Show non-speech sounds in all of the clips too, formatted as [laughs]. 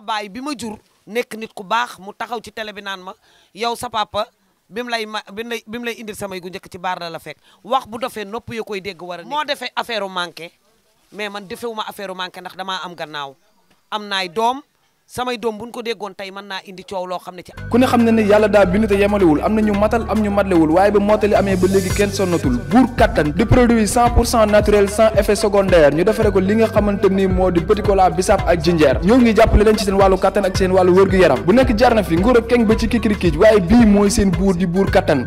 sama baay bi ma jur nekk nit ku baax mu taxaw ci télé bi naan ma yow sa papa bi lay ma bi mu lay indil samay gu njëkk ci baar la la fekk wax bu dofee nopp yo koy dégg war a moo defee affaire u manqué mais man defewuma affaire u manqué ndax damaa am gannaaw am naay doom samay doom buñ ko déggoon tey mën naa indi coow loo xam ne ci ku ne xam ne ne yàlla daa te yemalewul am na ñu matal am ñu matlewul waaye ba mottali amee ba léegi kenn sonnatul buur kattan di produit naturel sans effet secondaire ñu defare ko li nga xamante ni moo di petit cola bisaab ak jinjeer ñoo ngi jàppale leen ci seen wàllu kattan ak seen wàllu wërgu yaram bu nekk jarna fi nguur ak keng ba ci kikirikiij waaye bii mooy seen buur di buur kattan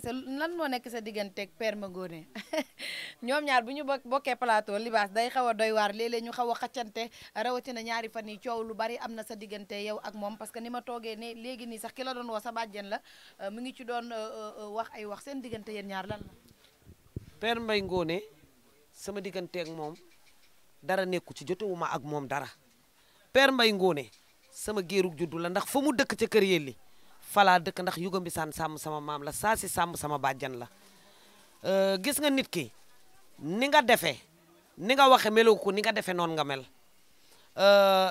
commencé lan moo nekk sa digganteek Père Magone [laughs] ñoom ñaar bu ñu bokkee palaatoo libaas day xaw a doy waar léeg-léeg ñu xaw a xaccante rawatina ñaari fan yi coow lu bari am na sa diggante yow ak moom parce que ni ma toogee ne léegi nii sax ki la doon woo sa bàjjen la euh, mu ngi ci doon euh, euh, wax ay wax seen diggante yéen ñaar lan la. Père sama digganteeg moom dara nekku ci jotewuma ak moom dara Père Mbaye sama géerug juddu la ndax fa mu dëkk ca kër yelli falaa dëkk ndax yugam bi saan sàmm sama maam la saa si sàmm sama bàjjan la euh, gis nga nit ki ni nga defee ni nga waxe meloo ko ni nga defee noonu nga mel euh,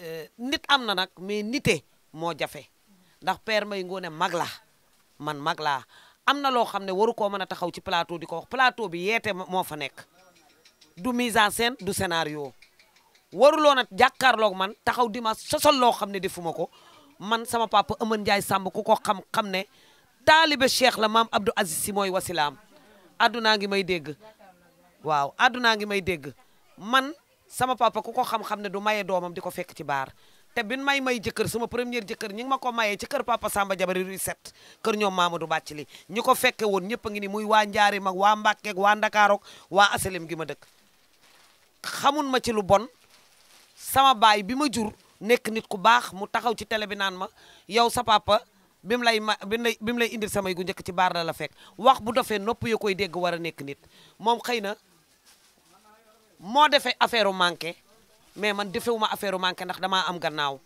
euh, nit am na nag mais nite moo jafe ndax père may ngoone mag la man mag laa am na loo xam ne waru koo mën a taxaw ci plateau di ko wax plateau bi yeete moo fa nekk du mise en scène du scénario waruloon a jàkkaarloog man taxaw di ma sosal loo xam ne defuma ko man sama papa Amane Ndiaye sàmba ku ko xam xam ne taalibe cheikh la maam Abdou Aziz si mooy wasilaam addunaa ngi may dégg waaw addunaa ngi may dégg man sama papa ku ko xam-xam ne du maye doomam di ko fekk ci baar te bin may may jëkkër sama première jëkkër ñi ma ko mayee ci kër papa Samba Jabari rue set kër ñoom du Bàcc li ñu ko fekke woon ñëpp ngi ni muy waa Njaarim ak waa Mbàkke waa Ndakaarook waa asalim gi ma dëkk xamun ma ci lu bon sama baay bi ma jur nekk nit ku baax mu taxaw ci télé bi naan ma yow sa papa bi mu lay ma bi mu lay indil samay gu njëkk ci baar la la fekk wax bu dofee nopp yoo koy dégg war a nekk nit moom xëy na moo defee affaire wu manqué mais man defewuma affaire u manqué ndax damaa am gannaaw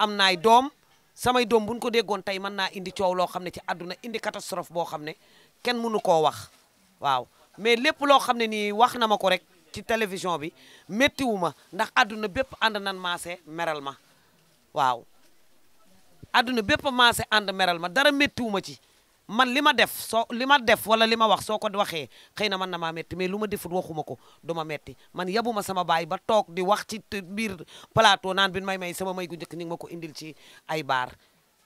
am naay doom samay doom buñ ko déggoon tey mën naa indi coow loo xam ne ci àdduna indi catastrophe boo xam ne kenn mënu koo wax waaw mais lépp loo xam ne nii wax na ma ko rek ci télévision bi méttiwu ma ndax àdduna bépp ànd nan maase meral ma waaw àdduna bépp maase ànd meral ma dara méttiwu ma ci man li ma def soo li ma def wala li ma wax soo ko waxee xëy na man na maa metti mais lu ma defut waxuma ko du ma metti man yabuma sama baay ba toog di wax ci biir plateau naan bi may may sama may gu njëkk ñu ma ko indil ci ay baar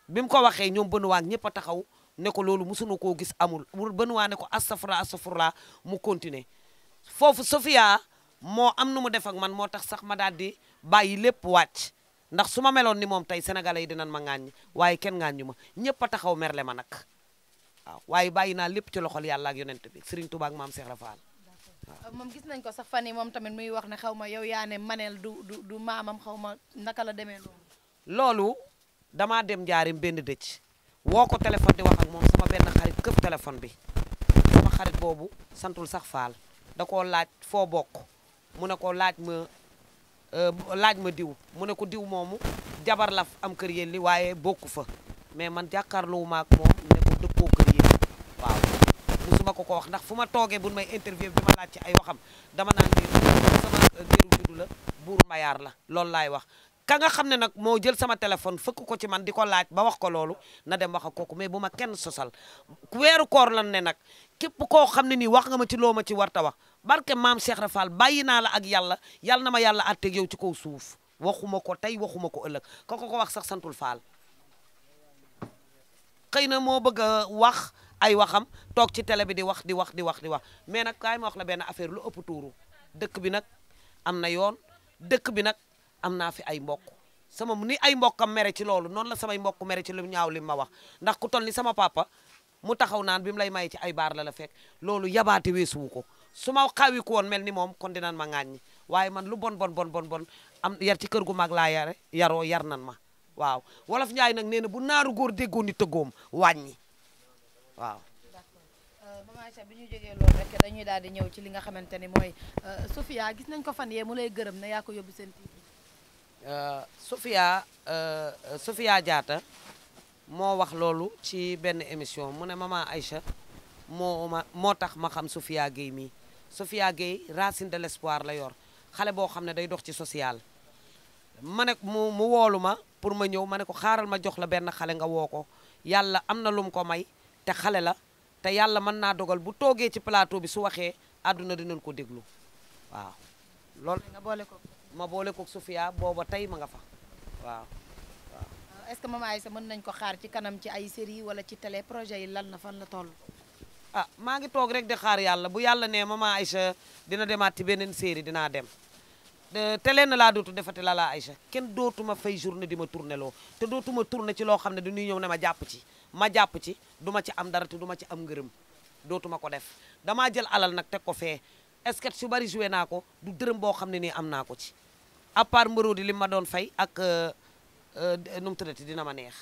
bi ko waxee ñoom bënuwaa ñëpp a taxaw ne ko loolu mësuñu koo gis amul bënuwaa ne ko astafurla astafurla mu continuer foofu Sofia moo am nu mu defak man moo tax sax ma daal di bàyyi lépp wàcc ndax su ma meloon ni moom tey sénégalais yi dinañ ma ŋàññi waaye kenn ŋàññu ma ñëpp a taxaw merle ma nag waaw waaye bàyyi naa lépp ci loxol yàlla ak yonent bi Serigne Touba ak maam Cheikh Rafaal. Euh, moom gis nañ ko sax fan yi moom tamit muy wax ne xaw ma yow yaa ne maneel du du du maamam xaw ma naka la demee loolu. loolu damaa dem njaarim benn dëcc woo ko téléphone di wax ak moom sama benn xarit këpp téléphone bi sama xarit boobu sax Faal. da koo laaj foo bokk mu ne ko laaj ma euh, laaj ma diw mu ne ko diw moomu jabar la am kër yéen li waaye bokku fa mais man jàkkaarloo ma ak moom ne ko dëppoo kër yéen waaw musuma ko ko wax ndax fu ma toogee bu may interview bi ma laaj ci ay waxam dama naan ne sama euh, géeru juddu la buur mayaar la loolu laay wax ka nga xam ne nag moo jël sama téléphone fëkk ko ci man di ko laaj ba wax ko loolu na dem wax ko ko mais bu ma kenn sosal weeru koor lan ne nag képp koo xam ne nii wax nga ma ci loo ma ci warta wax barke maam Cheikh Rafal bàyyi naa la ak yàlla yàlla na ma yàlla àtteeg yow ci kaw suuf waxuma ko tey waxuma ko ëllëg ko ko wax sax santul faal xëy na moo bëgg a wax ay waxam toog ci télé bi di wax di wax di wax di wax mais nag kaay ma wax la benn affaire lu ëpp tuuru dëkk bi nag am na yoon dëkk bi nag am naa fi ay mbokk sama ni ay am mere ci loolu noonu la samay mbokk mere ci lu ñaaw li ma wax ndax ku toll ni sama papa mu taxaw naan bi mu lay maye ci ay baar la la fekk loolu yabaate weesuwu ko su ma ko woon mel ni moom kon dinaan ma ŋàññi waaye man lu bon bon bon bon bon am yar ci kër gu mag laa yare yaroo yar nan ma waaw wolof Njaay nag nee na bu naaru góor déggoon ni tëggoom wàññi waaw. Euh, maman Aïcha bi ñu jógee loolu rek dañuy daal di ñëw ci li nga xamante ni mooy euh, Sofia gis nañ ko fan yee mu lay gërëm na yaa ko yóbbu seen TV Euh, Sofia euh, euh, Sofia Diatta moo wax loolu ci benn émission mu ne ma maman Aïcha moo ma moo tax ma xam Sofia Gueye mii Sofia Gueye racine de l'espoir la yor xale boo xam ne day dox ci social ma ne mu mu woolu ma pour ma ñëw ma ne ko xaaral ma jox la benn xale nga woo ko yàlla am na lum ko may te xale la te yàlla mën naa dogal bu toogee ci plateau bi su waxee àdduna dinañ ko déglu waaw lool nga boole ko ma boole ko Sofia booba tey ma nga fa waaw waaw euh, est-ce que maman Aïssa mën nañ ko xaar ci kanam ci ay série wala ci télé projet yi lan na fan na toll ah maa ngi toog rek di xaar yàlla bu yàlla nee ma maman Aïssa dina demaat ci beneen série dinaa dem télé na laa dootu defati la laa Aïcha kenn dootuma fay journée di ma tourné loo te dootuma tourné ci loo xam ne dañuy ñëw ne ma jàpp ci ma jàpp ci duma ci am dara te duma ci am ngërëm dootuma ko def damaa jël alal nag teg ko fee sketch su bari joué naa ko du dërëm boo xam ne nii am naa ko ci à part Marodi li ma doon fay ak euh, euh, nu mu tuddati dina ma neex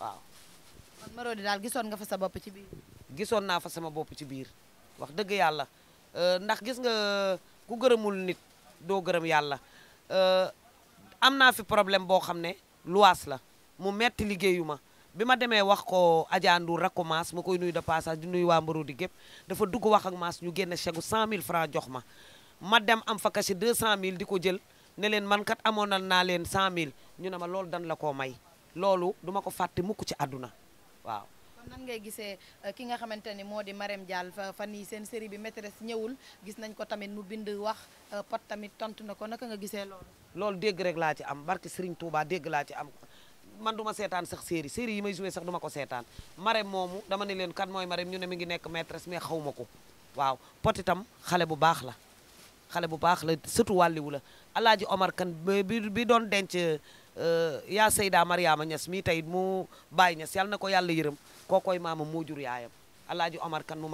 waaw. kon Marodi daal gisoon nga fa sa bopp ci biir. gisoon naa fa sama bopp ci biir wax dëgg yàlla euh, ndax gis nga ku gërëmul nit doo gërëm yàlla am naa fi problème boo xam ne luwaas la mu metti liggéeyu ma. bi ma demee wax ko Adja Ndour rakk ko Maas ma koy nuyu de passage di nuyu waa mbaru di gépp dafa dugg wax ak Maas ñu génne chèque 100000 francs jox ma ma dem am fa cachet mille di ko jël ne leen man kat amoonal naa leen mille ñu ne ma loolu dan la koo may loolu duma ko fàtte mukk ci àdduna waaw. nan ngay gisee euh, ki nga xamante ni moo di Marème Dial fan yii seen série bi maîtresse ñëwul gis nañ ko tamit mu bind wax euh, pot tamit tontu na ko naka nga gisee loolu. loolu dégg rek laa am barke Serigne Touba dégg laa ci am man duma seetaan sax série série yi may joué sax du ma ko seetaan Marème moomu dama ne leen kan mooy Marème ñu ne mu ngi nekk maîtresse mais xaw ma ko waaw Pod itam xale bu baax la xale bu baax la surtout wàlliwu la Alaaji Omar kan bi bi doon denc euh, yaa Seyda Mariama Niass mii tey mu Baye Niass yàlla na ko yàlla yërëm kookoy maama moo jur yaayam Alaaji Omar kan mu